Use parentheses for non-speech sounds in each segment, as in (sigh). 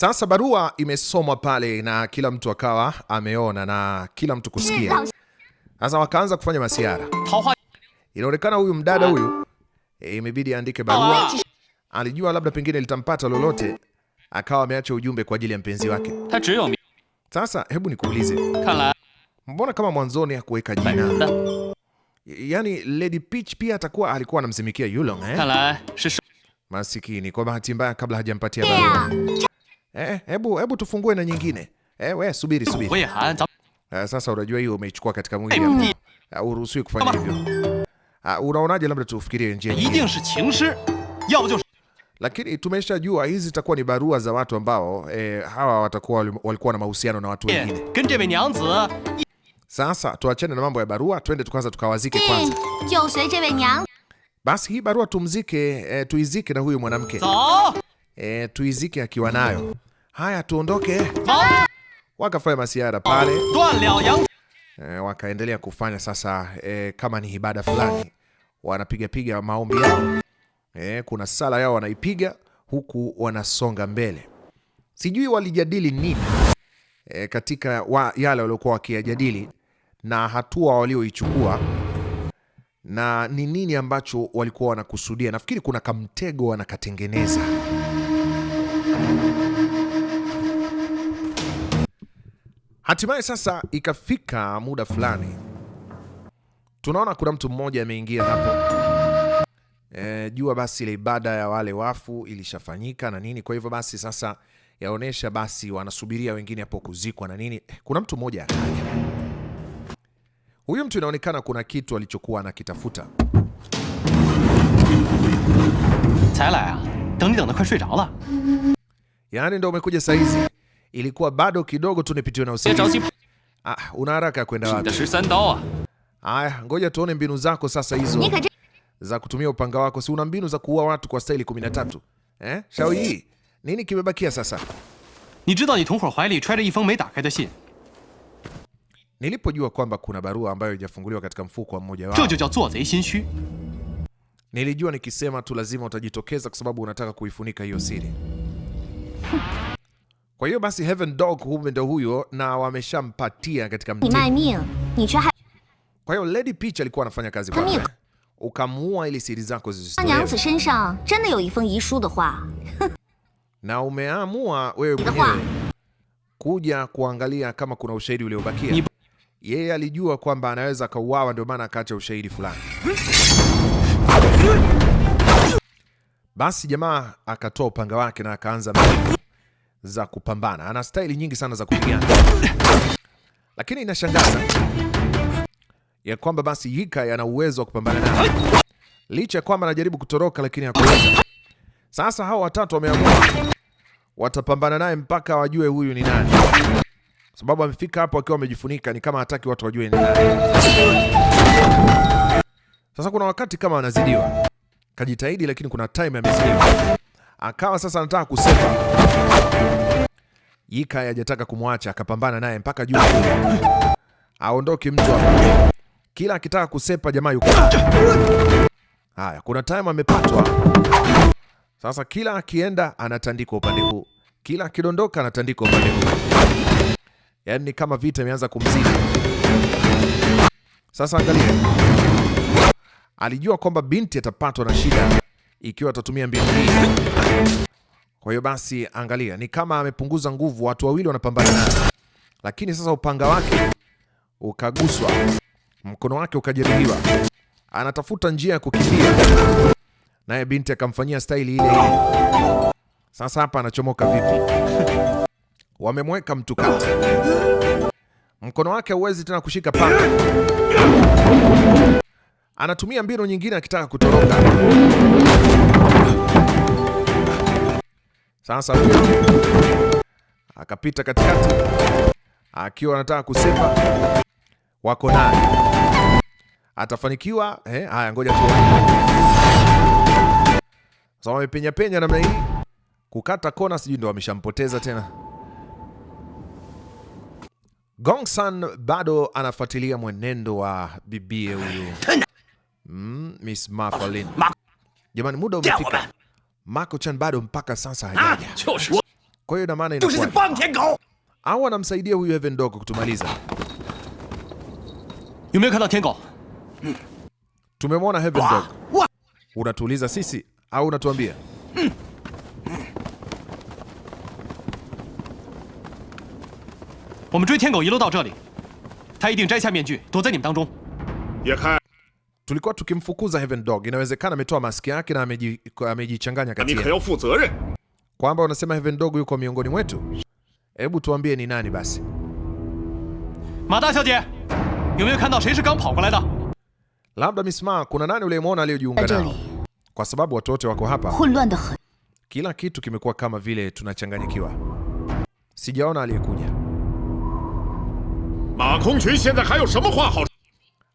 Sasa barua imesomwa pale na kila mtu akawa ameona na kila mtu kusikia. Sasa wakaanza kufanya masiara. Inaonekana huyu mdada huyu e, imebidi aandike barua. Alijua labda pengine litampata lolote, akawa ameacha ujumbe kwa ajili ya mpenzi wake. Sasa hebu nikuulize, mbona kama mwanzoni hakuweka jina? Yaani Lady Peach pia atakuwa alikuwa anamzimikia Yulong eh? Masikini, kwa bahati mbaya kabla hajampatia barua eh, hebu hebu tufungue na nyingine eh, we subiri subiri. Uh, sasa unajua hiyo umeichukua katika mwili au ah, uruhusiwi kufanya hivyo. Ah, unaonaje labda tufikirie njia lakini tumeshajua hizi zitakuwa ni barua za watu ambao eh, hawa watakuwa walikuwa na mahusiano na watu eh, wengine. Sasa tuachane na mambo ya barua, twende tukaanza tukawazike eh, kwanza. Basi hii barua tumzike, eh, tuizike na huyu mwanamke eh, tuizike akiwa nayo Haya, tuondoke. Wakafanya masiara pale e, wakaendelea kufanya sasa e, kama ni ibada fulani wanapigapiga maombi yao e, kuna sala yao wanaipiga huku wanasonga mbele. Sijui walijadili nini e, katika wa, yale waliokuwa wakiyajadili na hatua walioichukua na ni nini ambacho walikuwa wanakusudia. Nafikiri kuna kamtego wanakatengeneza. Hatimaye sasa ikafika muda fulani, tunaona kuna mtu mmoja ameingia hapo e, jua basi ile ibada ya wale wafu ilishafanyika na nini, kwa hivyo basi sasa yaonesha basi wanasubiria wengine hapo kuzikwa na nini. Eh, kuna mtu mmoja akaja. Huyu mtu inaonekana kuna kitu alichokuwa anakitafuta. Yaani ndo umekuja saizi ilikuwa bado kidogo tu nipitiwe na usiku. Ah, una haraka kwenda wapi? Haya, ngoja tuone mbinu zako sasa hizo za kutumia upanga wako. Si una mbinu za kuua watu kwa staili 13? Eh? Shao hii. Eh. Nini kimebakia sasa? Nilipojua kwamba kuna barua ambayo haijafunguliwa katika mfuko wa mmoja wao. Nilijua nikisema tu lazima utajitokeza kwa sababu unataka kuifunika hiyo siri. Hm. Kwa hiyo basi Heaven Dog hume ndo huyo na wameshampatia katika mtini. Kwa hiyo Lady Peach alikuwa anafanya kazi hiyo. Ukamuua ili siri zako zisitolewe. (laughs) Na umeamua wewe mwenyewe kuja kuangalia kama kuna ushahidi uliobakia. Yeye alijua kwamba anaweza akauawa, ndio maana akaacha ushahidi fulani. Hmm? Basi jamaa akatoa upanga wake na akaanza za kupambana, ana staili nyingi sana za kupigana, lakini inashangaza ya kwamba basi Hikaru ana uwezo wa kupambana naye licha ya kwamba anajaribu kutoroka, lakini hakuweza. Sasa hao watatu wameamua watapambana naye mpaka wajue huyu ni nani, sababu amefika hapo akiwa amejifunika, ni kama hataki watu wajue ni nani. Sasa kuna wakati kama anazidiwa, kajitahidi, lakini kuna time amezidiwa Akawa sasa anataka kusema, Yika hajataka kumwacha, akapambana naye mpaka juu, aondoke mtu hapa. Kila akitaka kusepa jamaa yuko haya. Kuna time amepatwa sasa, kila akienda anatandikwa upande huu, kila akidondoka anatandikwa upande huu, yaani ni kama vita imeanza kumzidi sasa. Angalia, alijua kwamba binti atapatwa na shida ikiwa atatumia mbinu hii. Kwa hiyo basi, angalia, ni kama amepunguza nguvu, watu wawili wanapambana, lakini sasa upanga wake ukaguswa, mkono wake ukajeruhiwa, anatafuta njia ya kukimbia, naye binti akamfanyia staili ile ile. Sasa hapa anachomoka vipi? (laughs) Wamemweka mtu kati, mkono wake huwezi tena kushika panga, anatumia mbinu nyingine akitaka kutoroka sasa huyo akapita katikati akiwa anataka kusema wako nani, atafanikiwa eh? Haya, ngoja tu sasa, wamepenya penya namna hii kukata kona, sijui ndo wameshampoteza tena. Gongsan bado anafuatilia mwenendo wa bibie huyu mm, Miss Mafalin. Jamani, muda umefika. 马科趁巴顿不察，上山了。就是我。就是这帮天狗。阿旺，我们说一下，我们有黑边狗，我们去马里萨。有没有看到天狗？嗯。我们有黑边狗。哇哇！我们去马里萨。嗯。我们追天狗一路到这里，他一定摘下面具，躲在你们当中。叶开。tulikuwa tukimfukuza Heaven Dog. Inawezekana ametoa maski yake na amejichanganya kati eh? kwamba unasema Heaven Dog yuko miongoni mwetu. Hebu tuambie ni nani basi. Labda misma, kuna nani uliyemwona aliyojiunga nao? Kwa sababu watu wote wako hapa, kila kitu kimekuwa kama vile tunachanganyikiwa. Sijaona aliyekuja Ma Kongqun.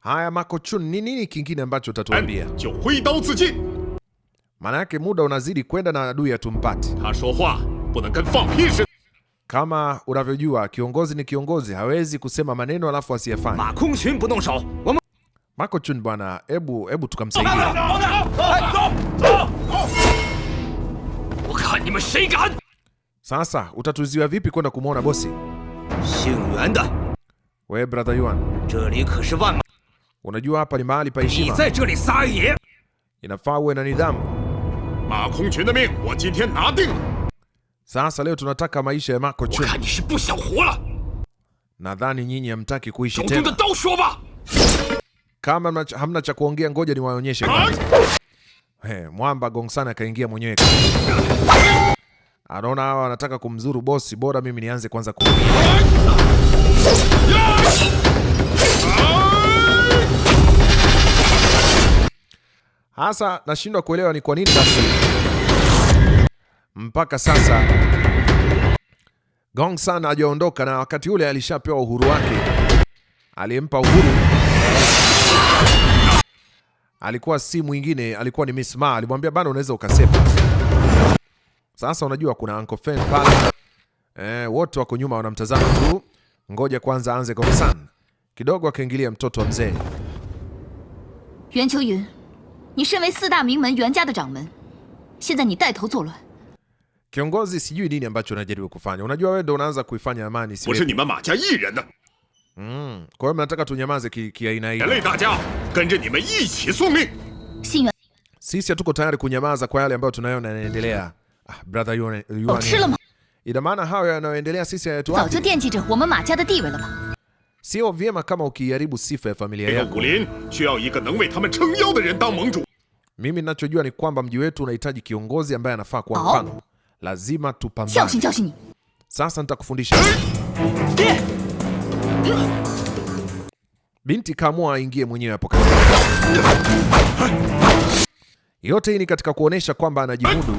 Haya, Makochun, ni nini kingine ambacho utatuambia? Maana yake muda unazidi kwenda na adui atumpate. Kama unavyojua kiongozi ni kiongozi, hawezi kusema maneno alafu asiyafanye. Makochun bwana, ebu ebu tukamsaidia. Sasa utatuzuia vipi kwenda kumwona bosi? We brother Yuan. Unajua hapa ni mahali pa heshima. Inafaa uwe na nidhamu. Ma Kongqun de ming, wo jintian na ding. Sasa leo tunataka maisha ya Ma Kongqun. Nadhani nyinyi hamtaki kuishi tena. dao shuo ba. Kama hamna cha kuongea ngoja niwaonyeshe. Hey, mwamba Gong Gongsan akaingia mwenyewe. Anaona hawa wanataka kumzuru bosi, bora mimi nianze kwanza kuongea. Hasa nashindwa kuelewa ni kwa nini basi mpaka sasa Gong San hajaondoka, na wakati ule alishapewa uhuru wake. Aliyempa uhuru alikuwa si mwingine, alikuwa ni Miss Ma. Alimwambia bana, unaweza ukasepa sasa. Unajua kuna Uncle Fen pale, eh, wote wako nyuma wanamtazama tu, ngoja kwanza anze Gong San kidogo. Akaingilia mtoto wa mzee Yuan Qiuyu 你身为四大名门袁家的掌门，现在你带头作乱。Kiongozi sijui nini ambacho unajaribu kufanya. Unajua wewe ndo unaanza kuifanya amani si wewe. Mm, kwa hiyo mnataka tunyamaze kiaina hii. Sisi hatuko tayari kunyamaza kwa yale ambayo tunayona yanaendelea. Ah, brother Yuan. Oh, Ina maana hayo yanayoendelea sisi hayatuathiri. Sio vyema kama ukiharibu sifa ya familia yako. Mimi ninachojua ni kwamba mji wetu unahitaji kiongozi ambaye anafaa kuwa oh. mfano. Lazima tupambane. Sasa nitakufundisha. Binti kaamua aingie mwenyewe hapo kati. Yote hii ni katika kuonesha kwamba anajimudu,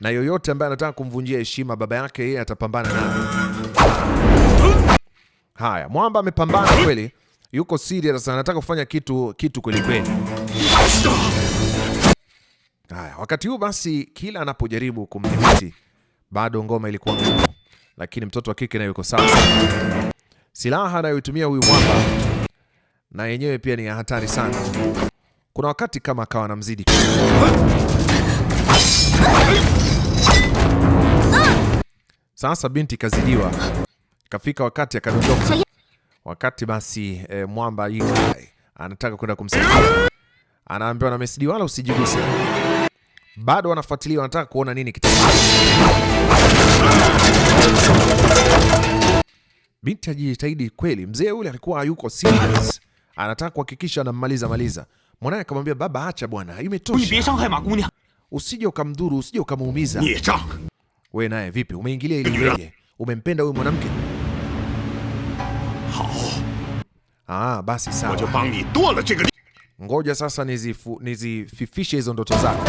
na yoyote ambaye anataka kumvunjia heshima baba yake, yeye atapambana naye. Haya, mwamba amepambana kweli, yuko serious, anataka kufanya kitu kitu kweli kweli. Haya, wakati huu basi, kila anapojaribu kumdhibiti bado ngoma ilikuwa ngumu, lakini mtoto wa kike naye yuko sawa. Silaha anayoitumia huyu mwamba na yenyewe pia ni ya hatari sana. Kuna wakati kama akawa anamzidi sasa, binti kazidiwa Kafika wakati akadondoka. Wakati basi e, mwamba yule anataka kwenda kumsaidia, anaambiwa na Messi, wala usijiguse. Bado wanafuatilia, wanataka kuona nini kitatokea. Binti ajitahidi kweli, mzee yule alikuwa hayuko serious, anataka kuhakikisha anammaliza maliza. Mwanae akamwambia baba, acha bwana, imetosha, usije ukamdhuru, usije ukamuumiza. We naye vipi, umeingilia ili mbele, umempenda huyu mwanamke Ah, basi sawa. Ngoja sasa nizifu, nizififishe hizo ndoto zako.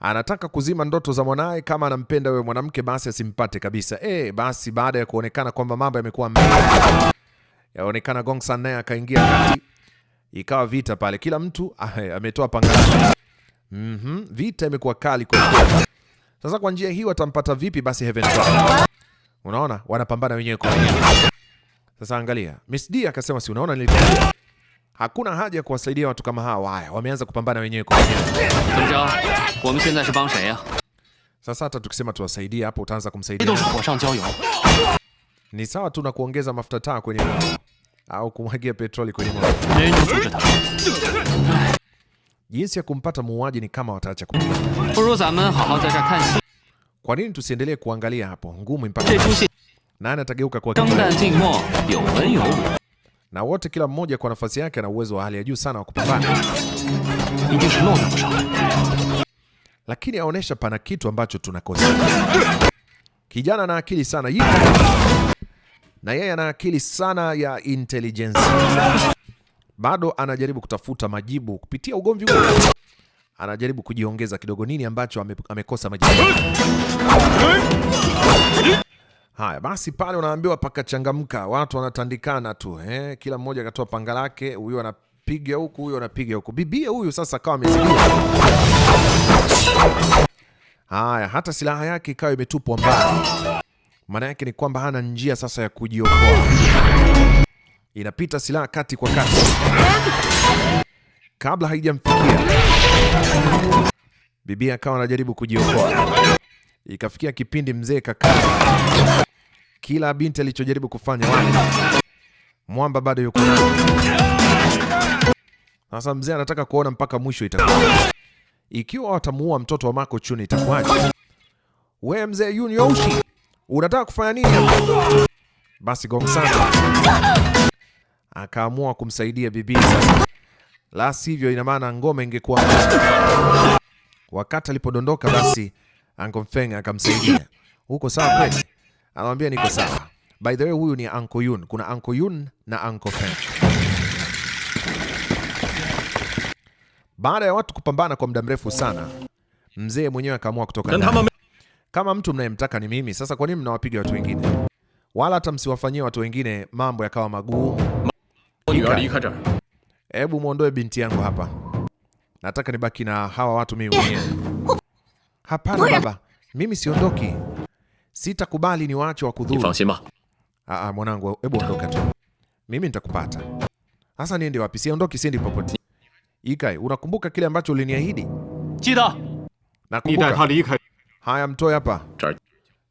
Anataka kuzima ndoto za mwanaye. Kama anampenda wewe mwanamke, basi asimpate kabisa. Eh, basi baada ya kuonekana kwamba mambo yamekuwa mbaya, yaonekana Gong San naye akaingia kati, ikawa vita pale, kila mtu ah, eh, ametoa panga lake. Mm vita imekuwa kali kwa kweli. Sasa kwa njia hii watampata vipi basi Heaven Drop? Unaona, wanapambana wenyewe kwa wenyewe. Sasa angalia, Miss D akasema, si unaona nilikwambia hakuna haja ya kuwasaidia watu kama hawa. Haya, wameanza kupambana wenyewe kwa wenyewe. Sasa hata tukisema tuwasaidie, hapo utaanza kumsaidia ni sawa tu na kuongeza mafuta taa kwenye moto au kumwagia petroli kwenye moto. Jinsi ya kumpata muuaji ni kama wataacha kwa nini tusiendelee kuangalia hapo? Ngumu mpaka nani atageuka kwa na wote, kila mmoja kwa nafasi yake ana uwezo wa hali ya juu sana wa kupambana, lakini aonesha pana kitu ambacho tunakosa. Kijana ana akili sana na yeye ana akili sana ya intelligence, bado anajaribu kutafuta majibu kupitia ugomvi huu anajaribu kujiongeza kidogo. Nini ambacho ame, amekosa majibu? Haya basi, pale unaambiwa pakachangamka, watu wanatandikana tu eh, kila mmoja akatoa panga lake, huyu anapiga huku, huyu anapiga huku. Bibie huyu sasa akawa amesikia. Haya, hata silaha yake ikawa imetupwa mbali, maana yake ni kwamba hana njia sasa ya kujiokoa, inapita silaha kati kwa kati kabla haijamfikia Bibi akawa anajaribu kujiokoa. Ikafikia kipindi mzee kaka kila binti alichojaribu kufanya mwamba bado yuko. Sasa mzee anataka kuona mpaka mwisho itakuwa. Ikiwa watamuua mtoto wa Mako chuni itakuwaje? We mzee Yun Yoshi, unataka kufanya nini? Basi Gong akaamua kumsaidia bibi sasa la sivyo, ina maana ngoma ingekuwa wakati alipodondoka, basi Uncle Feng akamsaidia. huko. sawa kweli? Anamwambia niko sawa. By the way, huyu ni Uncle Yun. Kuna Uncle Yun na Uncle Feng. Baada ya watu kupambana kwa muda mrefu sana, mzee mwenyewe akaamua kutoka. Kama mtu mnayemtaka ni mimi, sasa kwa nini mnawapiga watu wengine? Wala hata msiwafanyie watu wengine mambo yakawa magumu. Hebu muondoe binti yangu hapa, nataka nibaki na hawa watu mimi mwenyewe. Hapana baba, mimi siondoki, sitakubali ni waache wa kudhuru. Ah, ah, mwanangu, hebu ondoka tu, mimi nitakupata. Sasa niende wapi? Siondoki, siendi popote. Ikai, unakumbuka kile ambacho uliniahidi? Nakumbuka. Haya, mtoe hapa,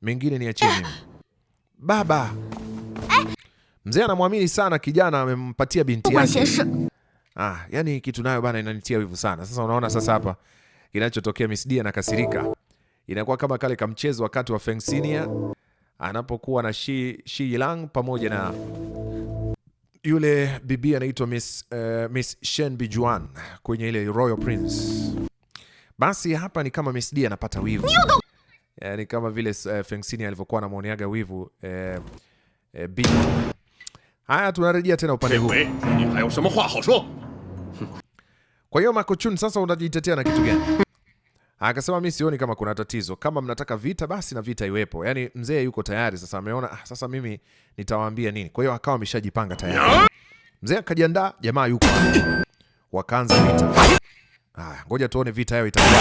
mengine niachie mimi. Baba, eh. mzee anamwamini sana kijana, amempatia binti yake. Ah, yani kitu nayo bana inanitia wivu sana. Sasa unaona sasa hapa kinachotokea Miss D anakasirika. Inakuwa kama kale kamchezo wakati wa Feng Xinia anapokuwa na Shi, Shi Yilang pamoja na yule bibi anaitwa Miss, uh, Miss Shen Bijuan kwenye ile Royal Prince. Basi hapa ni kama Miss D anapata wivu. Yaani kama vile uh, Feng Xinia alivyokuwa anamwoneaga wivu uh, uh, Bi Haya, tunarejea tena upande huu. Kwa hiyo Makochun, sasa unajitetea na kitu gani? Akasema mimi sioni kama kuna tatizo, kama mnataka vita basi na vita iwepo. Yaani mzee yuko tayari sasa, ameona ah, sasa mimi nitawaambia nini? Kwa hiyo akawa ameshajipanga tayari, mzee akajiandaa, jamaa yuko wakaanza vita. Ah, ngoja tuone vita yao itakuwa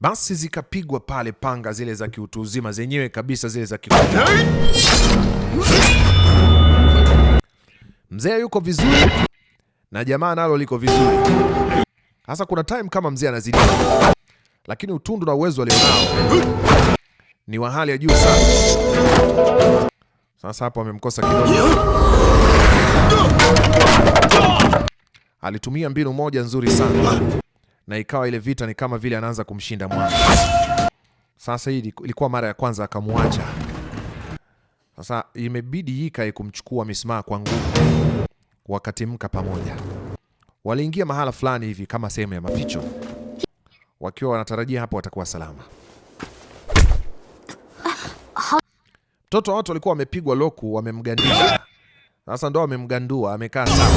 basi zikapigwa pale panga zile za kiutu uzima zenyewe kabisa zile za kiutu. Mzee yuko vizuri na jamaa nalo liko vizuri. Hasa kuna time kama mzee anazidi, lakini utundu na uwezo alionao ni wa hali ya juu sana. Sasa hapo amemkosa kidogo. Alitumia mbinu moja nzuri sana na ikawa ile vita ni kama vile anaanza kumshinda mwana. Sasa hii ilikuwa mara ya kwanza akamwacha. Sasa imebidi Kai kumchukua mismaa kwa nguvu, wakatimka pamoja. Waliingia mahala fulani hivi kama sehemu ya maficho, wakiwa wanatarajia hapo watakuwa salama. Mtoto wa watu walikuwa wamepigwa loku, wamemgandisha. Sasa ndo wamemgandua, amekaa sawa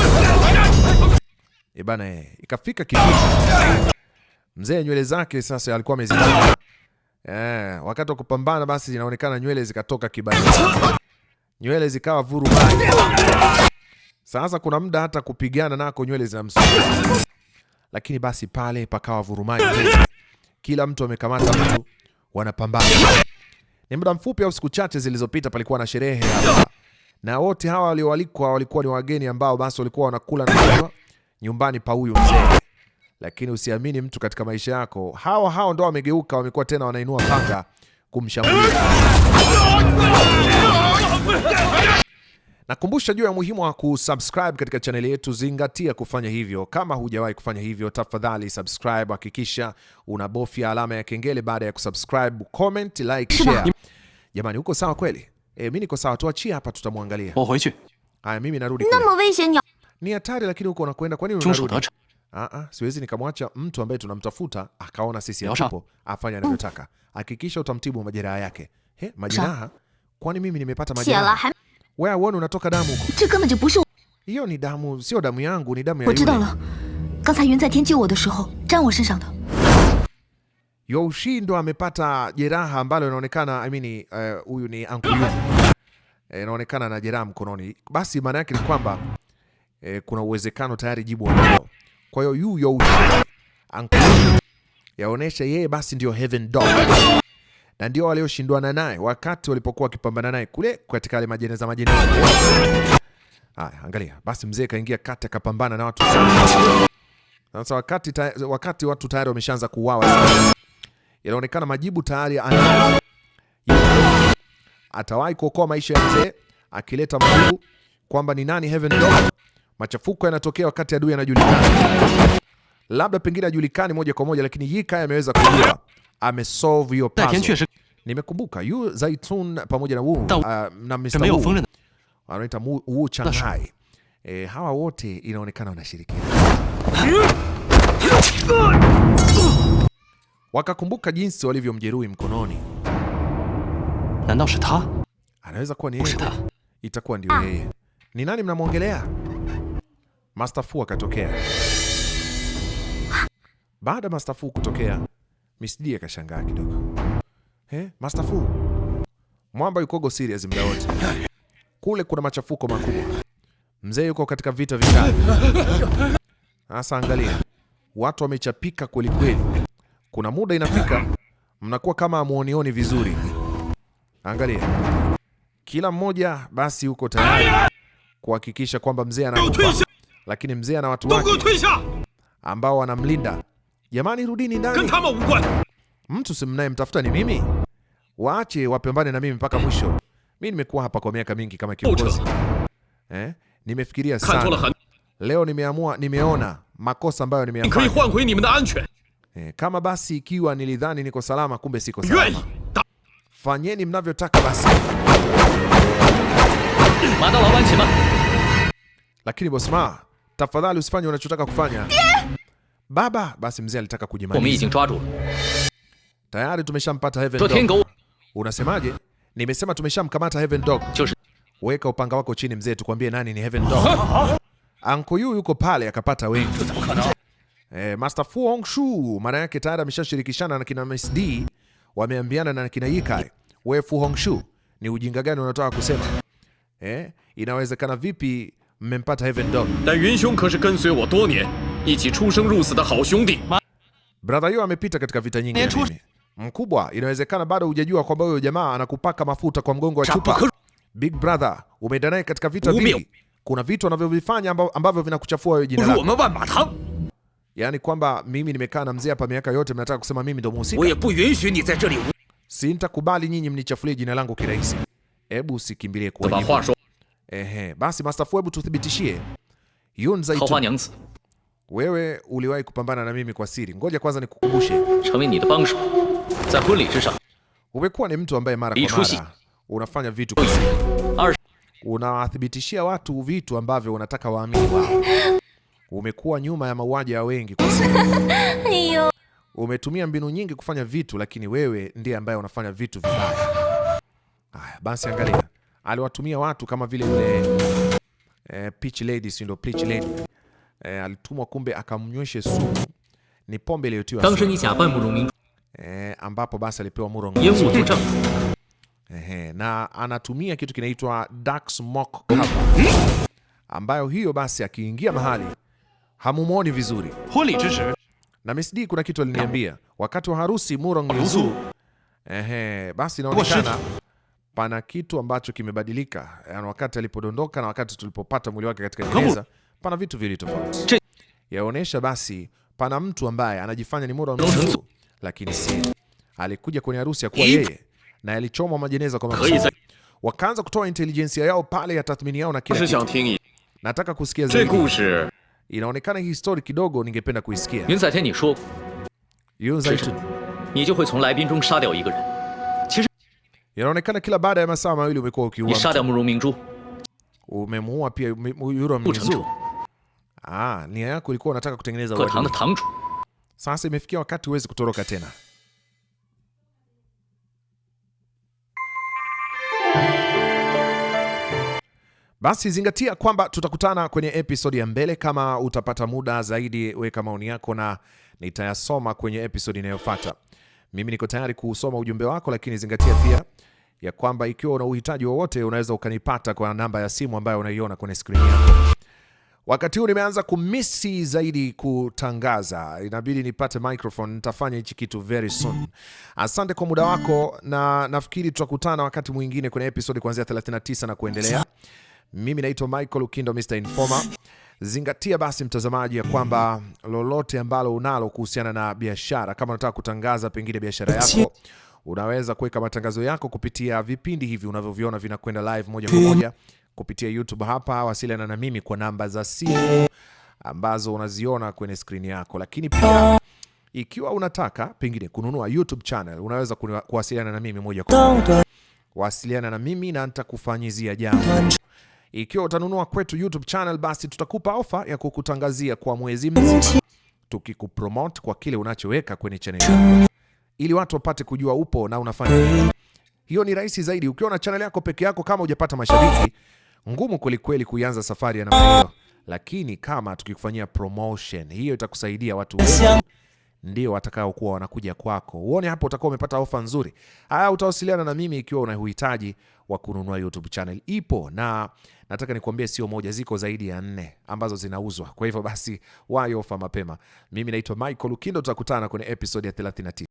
E bana e, ikafika kipindi mzee nywele zake sasa alikuwa amezi eh, wakati wa kupambana basi inaonekana nywele zikatoka kibaya, nywele zikawa vuru vurubai. Sasa kuna muda hata kupigana nako nywele zinamsuka, lakini basi pale pakawa vurumai, kila mtu amekamata mtu, wanapambana. Ni muda mfupi au siku chache zilizopita, palikuwa na sherehe hapa, na wote hawa walioalikwa walikuwa ni wageni ambao basi walikuwa wanakula na kunywa nyumbani pa huyu mzee. Lakini usiamini mtu katika maisha yako, hawa hao ndo wamegeuka, wamekuwa tena wanainua panga kumshambulia. Nakumbusha juu ya umuhimu wa kusubscribe katika chaneli yetu, zingatia kufanya hivyo. Kama hujawahi kufanya hivyo, tafadhali subscribe, hakikisha unabofya alama ya kengele. Baada ya kusubscribe, comment, like, share. Jamani, uko sawa kweli? E, eh, mimi niko sawa, tuachie hapa, tutamwangalia. Oh, Haya, mimi narudi ni hatari, lakini huko unakwenda, kwa nini unarudi? Ah ah, siwezi nikamwacha mtu ambaye tunamtafuta akaona sisi hapo afanye anavyotaka. Hakikisha utamtibu majeraha yake. He, majeraha? Kwani mimi nimepata majeraha? Wewe uone unatoka damu huko. Hiyo ni damu, sio damu yangu, ni damu ya yule. Youshi ndo amepata jeraha ambalo inaonekana I mean, eh, huyu uh, ni eh, inaonekana na jeraha mkononi. Basi maana yake ni kwamba e, kuna uwezekano tayari jibu wanalo. Kwa hiyo yu yo yaonesha yeye basi ndio heaven dog, na ndio walioshindwana naye wakati walipokuwa wakipambana naye kule katika yale majeneza majeneza. Haya, angalia basi, mzee kaingia kati akapambana na watu sasa, wakati ta, wakati watu tayari wameshaanza kuuawa, inaonekana majibu tayari ana atawahi kuokoa maisha ya mzee akileta majibu kwamba ni nani heaven dog Machafuko yanatokea wakati adui anajulikana, labda pengine ajulikani moja kwa moja, lakini Ye Kai ameweza kujua, amesolve hiyo puzzle. Nimekumbuka Yu Zaitun pamoja na Wu, uh, na Mr. Wu anaita Wu Changhai. E, hawa wote inaonekana wanashirikiana, wakakumbuka jinsi walivyomjeruhi mkononi. Anaweza kuwa ni yeye, itakuwa ndio yeye. Ni nani mnamwongelea? Master Fu akatokea. Baada ya Master Fu kutokea, Miss D akashangaa kidogo. He, Master Fu? Mwamba yuko serious mda wote. Kule kuna machafuko makubwa. Mzee yuko katika vita vikali. Sasa angalia. Watu wamechapika kweli kweli. Kuna muda inafika mnakuwa kama amuonioni vizuri. Angalia. Kila mmoja basi yuko tayari kuhakikisha kwamba mzee anakufa lakini mzee ana watu wake ambao wanamlinda. Jamani, rudini ndani, mtu si mnayemtafuta ni mimi. Waache wapambane na mimi mpaka mwisho. Mimi nimekuwa hapa kwa miaka mingi kama kiongozi eh, nimefikiria sana. Leo nimeamua, nimeona makosa ambayo nimeyafanya eh, kama basi, ikiwa nilidhani niko salama, kumbe siko salama. Fanyeni mnavyotaka basi, lakini bosi Ma tafadhali usifanye unachotaka kufanya baba. Basi mzee alitaka kujimaliza. Tayari tumeshampata Heaven Dog. Unasemaje? Nimesema tumeshamkamata Heaven Dog. Weka upanga wako chini mzee, tukwambie nani ni Heaven Dog. Anko Yu yuko pale akapata wengi. Eh, Master Fu Hongxue maana yake tayari ameshashirikishana na kina MSD, wameambiana na kina Yikai. Wewe Fu Hongxue, ni ujinga gani unataka kusema? Eh, inawezekana vipi même pas Heaven Dawn. 但云兄可是跟随我多年，一起出生入死的好兄弟。Brother huyo amepita katika vita nyingi na mimi. Mkubwa, inawezekana bado hujajua kwamba huyo jamaa anakupaka mafuta kwa mgongo wa chupa. Big Brother, umeenda naye katika vita vingi. Kuna vitu anavyovifanya ambavyo vinakuchafua wewe jina lako. Yaani kwamba mimi nimekaa na mzee hapa miaka yote mnataka kusema mimi ndo mhusika. Sintakubali nyinyi mnichafulie jina langu kirahisi. Hebu usikimbilie kwa Ehe, basi Master Fu, hebu tuthibitishie Yun Zaitun, wewe uliwahi kupambana na mimi kwa siri. Ngoja kwanza nikukumbushe, umekuwa ni mtu ambaye mara kwa mara unafanya vitu kwa siri, unawathibitishia watu vitu ambavyo unataka waamini wao. Umekuwa nyuma ya mauaji ya wengi kwa siri umetumia mbinu nyingi kufanya vitu, lakini wewe ndiye ambaye unafanya vitu vibaya. Haya basi, angalia aliwatumia watu kama vile yule e, Lady, si ndio? Pitch Lady eh, alitumwa kumbe akamnyweshe sumu, ni pombe iliyotiwa eh, ambapo basi alipewa murong eh, na anatumia kitu kinaitwa dark smoke cover ambayo hiyo basi akiingia mahali hamumwoni vizuri. Na msd kuna kitu aliniambia wakati wa harusi murong ehe, basi inaonekana pana kitu ambacho kimebadilika yani wakati alipodondoka na wakati tulipopata mwili wake katika gereza, pana vitu viwili tofauti. Yaonesha basi pana mtu ambaye anajifanya ni Mura, lakini si alikuja kwenye harusi ya kuwa yeye na alichoma majeneza kwa makusudi. Wakaanza kutoa intelijensia yao pale ya tathmini yao na kila kitu. Nataka kusikia zaidi. Inaonekana hii story kidogo ningependa kuisikia. Yun Zai ni shuo. Yun Zai Ni jiu hui cong lai bin zhong sha diao yi ge ren. Inaonekana kila baada ya masaa mawili umekuwa ukiua. Umemuua pia yule Mingzu. Ah, nia yako ilikuwa unataka kutengeneza uadui. Sasa imefikia wakati huwezi kutoroka tena. Basi zingatia kwamba tutakutana kwenye episodi ya mbele. Kama utapata muda zaidi, weka maoni yako na nitayasoma kwenye episodi inayofuata. Mimi niko tayari kusoma ujumbe wako, lakini zingatia pia ya kwamba ikiwa una uhitaji wowote unaweza ukanipata kwa namba ya simu ambayo unaiona kwenye skrini yako. Wakati huu nimeanza kumisi zaidi kutangaza, inabidi nipate microphone. Nitafanya hichi kitu very soon. Asante kwa muda wako, na nafikiri tutakutana wakati mwingine kwenye episode kuanzia 39 na kuendelea. Mimi naitwa Michael Ukindo, Mr Informer. Zingatia basi mtazamaji, ya kwamba lolote ambalo unalo kuhusiana na biashara, kama unataka kutangaza pengine biashara yako, unaweza kuweka matangazo yako kupitia vipindi hivi unavyoviona vinakwenda live moja kwa moja kupitia YouTube hapa. Wasiliana na mimi kwa namba za simu ambazo unaziona kwenye skrini yako, lakini pia ikiwa unataka pengine kununua YouTube channel unaweza kuwasiliana na mimi moja kwa moja. Wasiliana na mimi na nitakufanyizia jambo. Ikiwa utanunua kwetu YouTube channel, basi tutakupa ofa ya kukutangazia kwa mwezi mzima, tukikupromote kwa kile unachoweka kwenye channel yako, ili watu wapate kujua upo na unafanya. Hiyo ni rahisi zaidi ukiwa na channel yako peke yako. Kama hujapata mashabiki, ngumu kwelikweli kuianza safari ya namna hiyo, lakini kama tukikufanyia promotion, hiyo itakusaidia watu wengi ndio watakaokuwa wanakuja kwako. Uone hapo utakuwa umepata ofa nzuri. Haya, utawasiliana na mimi ikiwa una uhitaji wa kununua YouTube channel. Ipo na nataka nikuambie, sio moja, ziko zaidi ya nne ambazo zinauzwa. Kwa hivyo basi, wayo ofa mapema. Mimi naitwa Michael Lukindo, tutakutana kwenye episode ya 39.